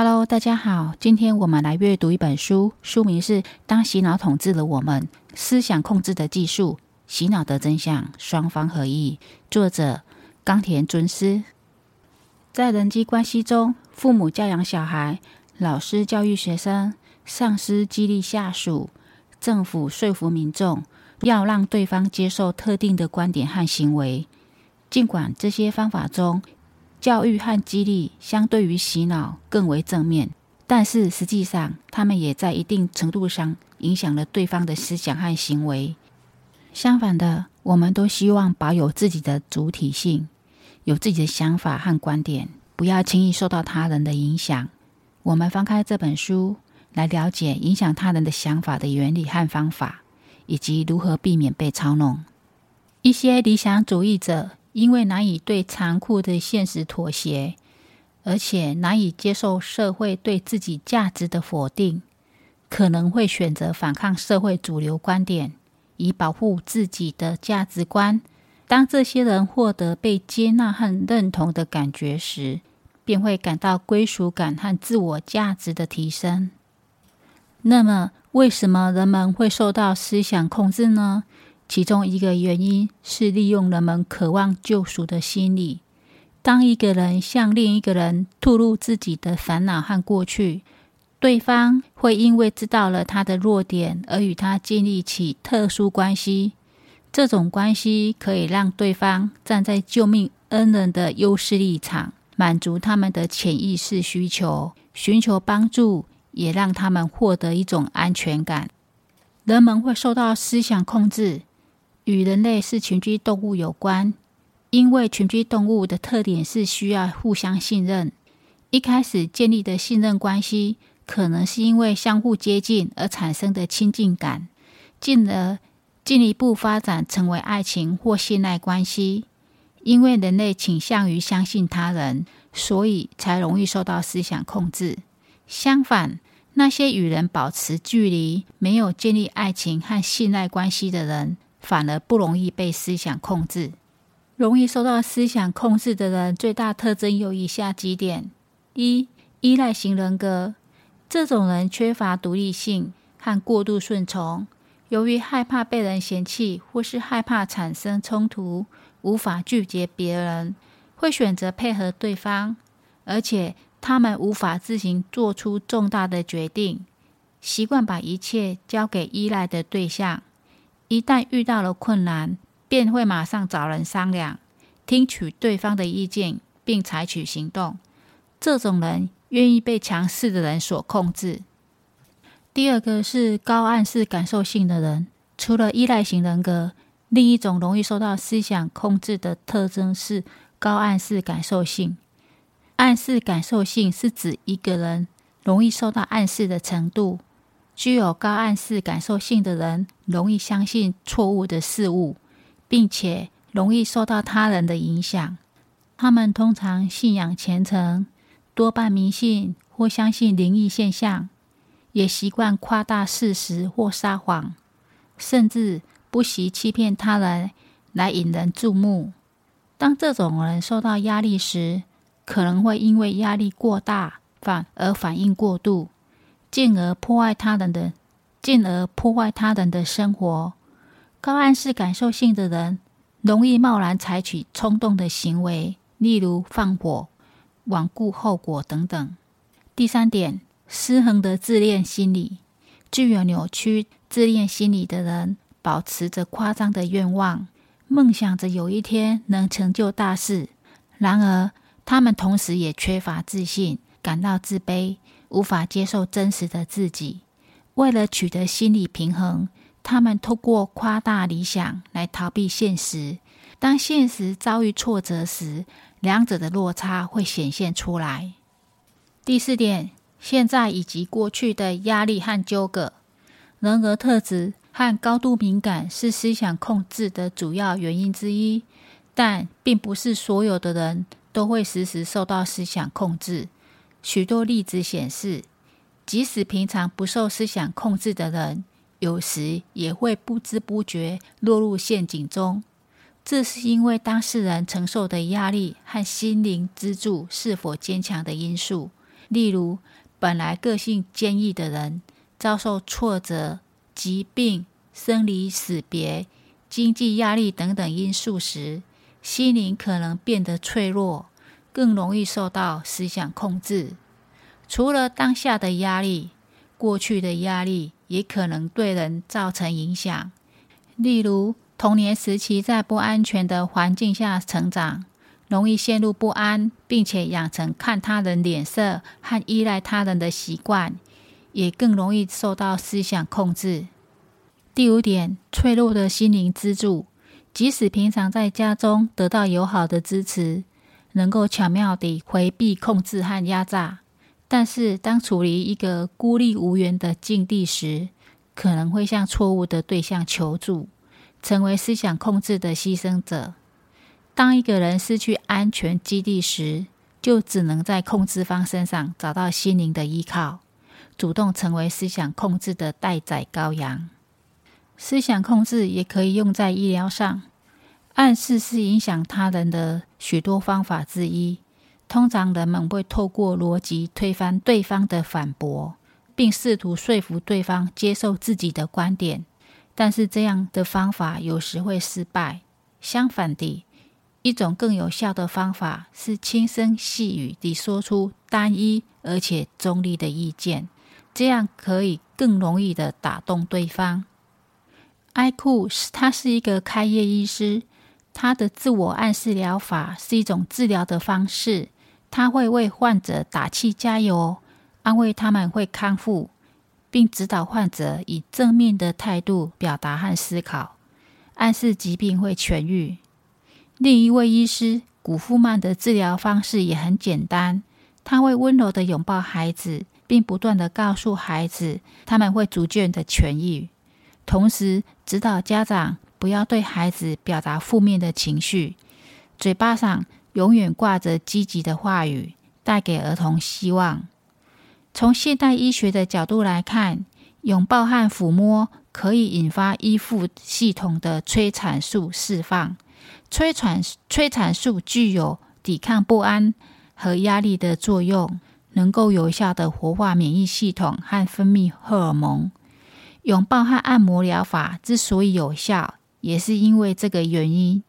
Hello，大家好，今天我們來閱讀一本書，書名是《當洗腦統治了我們：思想控制的技術、洗腦的真相》，雙方合意》。作者岡田尊司。在人際關係中，父母教養小孩，老師教育學生，上司激勵下屬，政府說服民眾，要讓對方接受特定的觀點和行為。儘管這些方法中，教育和激勵相對於洗腦更為正面，但是實際上他們也在一定程度上影響了對方的思想和行為。相反的，我們都希望保有自己的主體性，有自己的想法和觀點，不要輕易受到他人的影響。我們翻開這本書，來了解影響他人的想法的原理和方法，以及如何避免被操弄。一些理想主義者。因為難以對殘酷的現實妥協，而且難以接受社會對自己價值的否定，可能會選擇反抗社會主流觀點，以保護自己的價值觀。當這些人獲得被接納和認同的感覺時，便會感到歸屬感和自我價值的提升。那麼，為什麼人們會受到思想控制呢？其中一個原因是利用人們渴望救贖的心理。當一個人向另一個人吐露自己的煩惱和過去，對方會因為知道了他的弱點而與他建立起特殊關係。這種關係可以讓對方站在救命恩人的優勢立場，滿足他們的潛意識需求，尋求幫助也讓他們獲得一種安全感。人們會受到思想控制。與人類是群居動物有關，因為群居動物的特點是需要互相信任。一開始建立的信任關係，可能是因為相互接近而產生的親近感，進而進一步發展成為愛情或信賴關係。因為人類傾向於相信他人，所以才容易受到思想控制。相反，那些與人保持距離、沒有建立愛情和信賴關係的人。反而不容易被思想控制，容易受到思想控制的人，最大特徵有以下幾點：一、依賴型人格。這種人缺乏獨立性和過度順從，由於害怕被人嫌棄或是害怕產生衝突，無法拒絕別人，會選擇配合對方，而且他們無法自行做出重大的決定，習慣把一切交給依賴的對象。一旦遇到了困難，便會馬上找人商量，聽取對方的意見，並採取行動。這種人願意被強勢的人所控制。第二個是高暗示感受性的人，除了依賴型人格，另一種容易受到思想控制的特徵是高暗示感受性。暗示感受性是指一個人容易受到暗示的程度。具有高暗示感受性的人，容易相信錯誤的事物，並且容易受到他人的影響。他們通常信仰虔誠，多半迷信或相信靈異現象，也習慣誇大事實或撒謊，甚至不惜欺騙他人來引人注目。當這種人受到壓力時，可能會因為壓力過大，反而反應過度。進而破壞他人的，進而破壞他人的生活。高暗示感受性的人容易貿然採取衝動的行為，例如放火、罔顧後果等等。第三點，失衡的自戀心理。具有扭曲自戀心理的人，保持着誇張的願望，夢想着有一天能成就大事。然而，他們同時也缺乏自信，感到自卑。無法接受真實的自己，為了取得心理平衡，他們透過誇大理想來逃避現實。當現實遭遇挫折時，兩者的落差會顯現出來。第四點，現在以及過去的壓力和糾葛、人格、呃、特質和高度敏感是思想控制的主要原因之一，但並不是所有的人都會時時受到思想控制。許多例子顯示，即使平常不受思想控制的人，有時也會不知不覺落入陷阱中。這是因為當事人承受的壓力和心靈支柱是否堅強的因素。例如，本來個性堅毅的人，遭受挫折、疾病、生離死別、經濟壓力等等因素時，心靈可能變得脆弱。更容易受到思想控制。除了當下的壓力，過去的壓力也可能對人造成影響。例如，童年時期在不安全的環境下成長，容易陷入不安，並且養成看他人臉色和依賴他人的習慣，也更容易受到思想控制。第五點，脆弱的心靈支柱，即使平常在家中得到友好的支持。能夠巧妙地回避控制和壓榨，但是當處於一個孤立無援的境地時，可能會向錯誤的對象求助，成為思想控制的犧牲者。當一個人失去安全基地時，就只能在控制方身上找到心靈的依靠，主動成為思想控制的待宰羔羊。思想控制也可以用在醫療上。暗示是影響他人的許多方法之一。通常人們會透過邏輯推翻對方的反駁，並試圖說服對方接受自己的觀點。但是這樣的方法有時會失敗。相反的，一種更有效的方法是輕聲細語地說出單一而且中立的意見，這樣可以更容易地打動對方。艾庫是，他是一個開業醫師。他的自我暗示療法是一種治療的方式，他會為患者打氣加油，安慰他們會康復，並指導患者以正面的態度表達和思考，暗示疾病會痊癒。另一位醫師古富曼的治療方式也很簡單，他會溫柔地擁抱孩子，並不斷地告訴孩子他們會逐漸的痊癒，同時指導家長。不要對孩子表達負面的情緒，嘴巴上永遠掛着積極的話語，帶給兒童希望。從現代醫學的角度來看，擁抱和撫摸可以引發依附系統的催產素釋放，催產催產素具有抵抗不安和壓力的作用，能夠有效的活化免疫系統和分泌荷爾蒙。擁抱和按摩療法之所以有效，也是因為這個原因，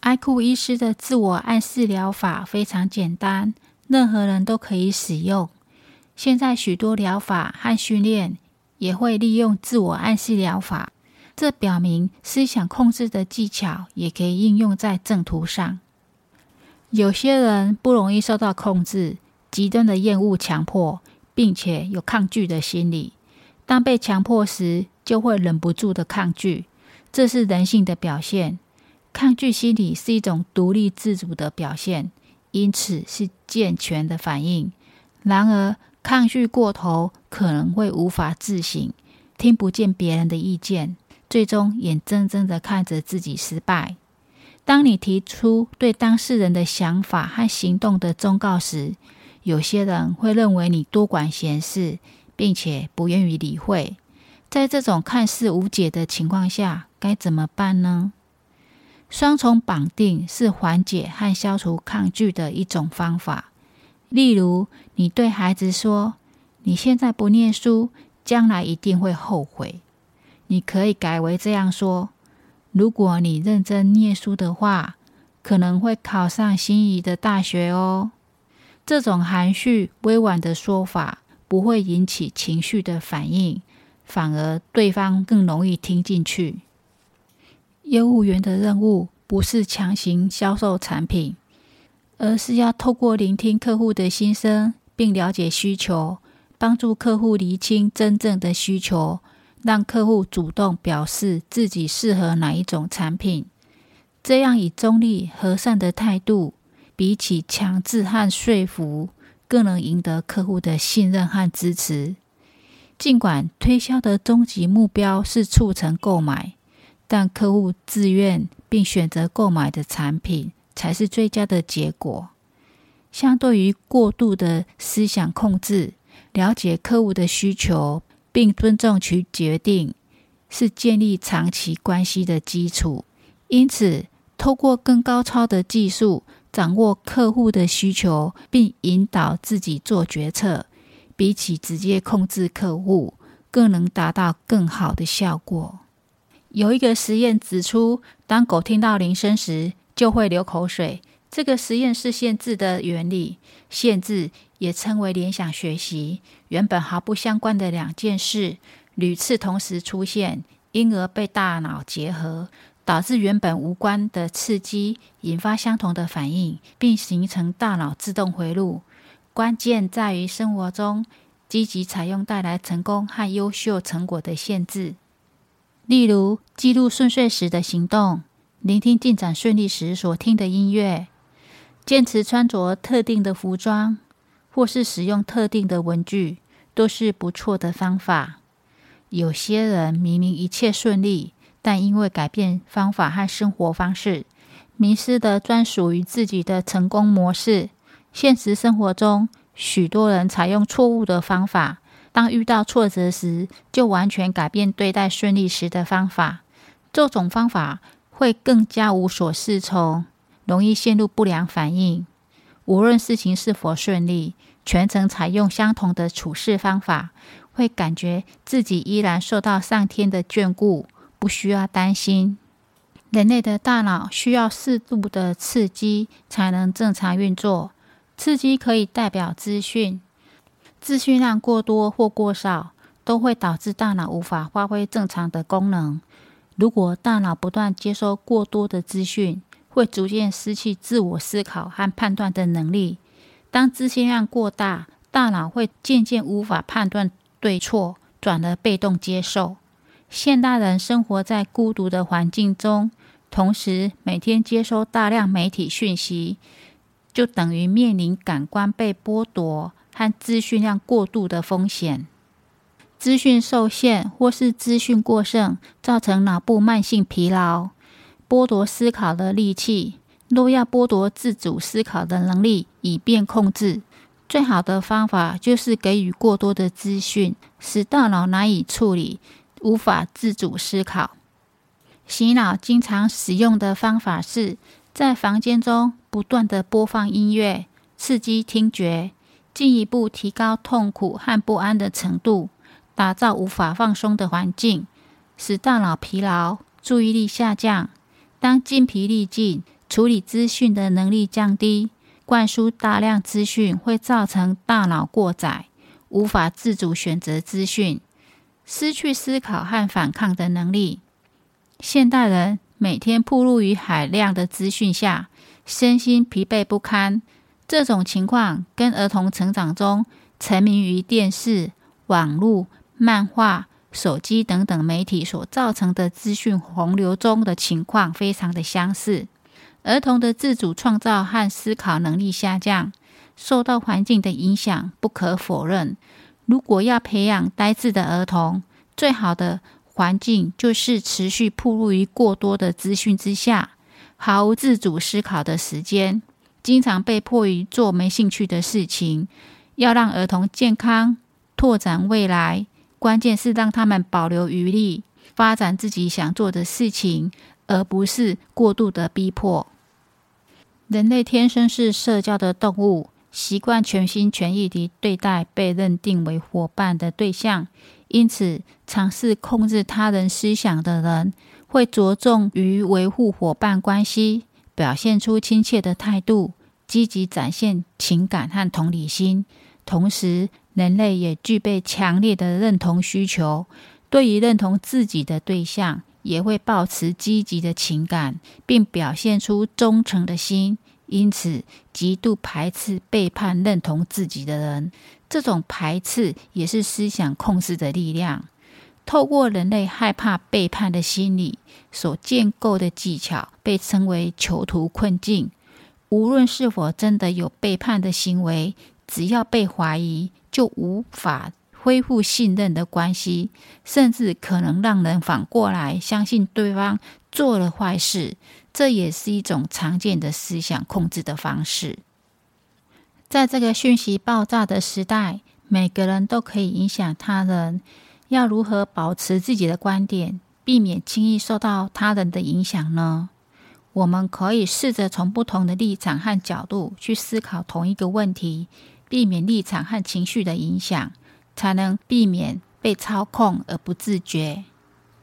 艾庫醫師的自我暗示療法非常簡單，任何人都可以使用。現在許多療法和訓練也會利用自我暗示療法，這表明思想控制的技巧也可以應用在正途上。有些人不容易受到控制，極端的厭惡強迫，並且有抗拒的心理。當被強迫時，就會忍不住的抗拒。這是人性的表現，抗拒心理是一種獨立自主的表現，因此是健全的反應。然而，抗拒過頭可能會無法自省，聽不見別人的意見，最終眼睜睜的看着自己失敗。當你提出對當事人的想法和行動的忠告時，有些人會認為你多管閒事，並且不願意理會。在這種看似無解的情況下，該怎麼辦呢？雙重綁定是緩解和消除抗拒的一種方法。例如，你對孩子說：“你現在不念書，將來一定會後悔。”你可以改為這樣說：“如果你認真念書的話，可能會考上心儀的大學哦。”這種含蓄委婉的說法不會引起情緒的反應，反而對方更容易聽進去。業務員的任務不是強行銷售產品，而是要透過聆聽客戶的心聲，並了解需求，幫助客戶釐清真正的需求，讓客戶主動表示自己適合哪一種產品。這樣以中立和善的態度，比起強制和說服，更能贏得客戶的信任和支持。儘管推銷的終極目標是促成購買。但客戶自願並選擇購買的產品才是最佳的結果。相對於過度的思想控制，了解客戶的需求並尊重其決定，是建立長期關係的基礎。因此，透過更高超的技術掌握客戶的需求，並引導自己做決策，比起直接控制客戶，更能達到更好的效果。有一個實驗指出，當狗聽到鈴聲時，就會流口水。這個實驗是限制的原理，限制也稱為聯想學習。原本毫不相關的兩件事，屢次同時出現，因而被大腦結合，導致原本無關的刺激引發相同的反應，並形成大腦自動迴路。關鍵在於生活中積極採用帶來成功和優秀成果的限制。例如，記錄順遂時的行動，聆聽進展順利時所聽的音樂，堅持穿着特定的服裝，或是使用特定的文具，都是不錯的方法。有些人明明一切順利，但因為改變方法和生活方式，迷失了專屬於自己的成功模式。現實生活中，許多人採用錯誤的方法。當遇到挫折時，就完全改變對待順利時的方法。這種方法會更加無所適從，容易陷入不良反應。無論事情是否順利，全程採用相同的處事方法，會感覺自己依然受到上天的眷顧，不需要擔心。人類的大腦需要適度的刺激才能正常運作。刺激可以代表資訊。資訊量過多或過少，都會導致大腦無法發揮正常的功能。如果大腦不斷接收過多的資訊，會逐漸失去自我思考和判斷的能力。當資訊量過大，大腦會漸漸無法判斷對錯，轉而被動接受。現代人生活在孤獨的環境中，同時每天接收大量媒體訊息，就等於面臨感官被剝奪。和資訊量過度的風險，資訊受限或是資訊過剩，造成腦部慢性疲勞，剝奪思考的力氣。若要剝奪自主思考的能力，以便控制，最好的方法就是給予過多的資訊，使大腦難以處理，無法自主思考。洗腦經常使用的方法是，在房間中不斷地播放音樂，刺激聽覺。進一步提高痛苦和不安的程度，打造無法放鬆的環境，使大腦疲勞、注意力下降。當精疲力盡，處理資訊的能力降低，灌輸大量資訊會造成大腦過載，無法自主選擇資訊，失去思考和反抗的能力。現代人每天曝露於海量的資訊下，身心疲憊不堪。這種情況跟兒童成長中沉迷於電視、網絡、漫畫、手機等等媒體所造成的資訊洪流中的情況非常的相似。兒童的自主創造和思考能力下降，受到環境的影響，不可否認。如果要培養呆滯的兒童，最好的環境就是持續曝露於過多的資訊之下，毫無自主思考的時間。經常被迫於做沒興趣的事情，要讓兒童健康拓展未來，關鍵是讓他們保留餘力，發展自己想做的事情，而不是過度的逼迫。人類天生是社交的動物，習慣全心全意的對待被認定為夥伴的對象，因此，嘗試控制他人思想的人，會着重於維護夥伴關係。表現出親切的態度，積極展現情感和同理心，同時人類也具備強烈的認同需求。對於認同自己的對象，也會抱持積極的情感，並表現出忠誠的心。因此，極度排斥背叛認同自己的人。這種排斥也是思想控制的力量。透過人類害怕背叛的心理所建構的技巧，被稱為囚徒困境。無論是否真的有背叛的行為，只要被懷疑，就無法恢復信任的關係，甚至可能讓人反過來相信對方做了壞事。這也是一種常見的思想控制的方式。在這個訊息爆炸的時代，每個人都可以影響他人。要如何保持自己的觀點，避免輕易受到他人的影響呢？我們可以試着從不同的立場和角度去思考同一個問題，避免立場和情緒的影響，才能避免被操控而不自覺。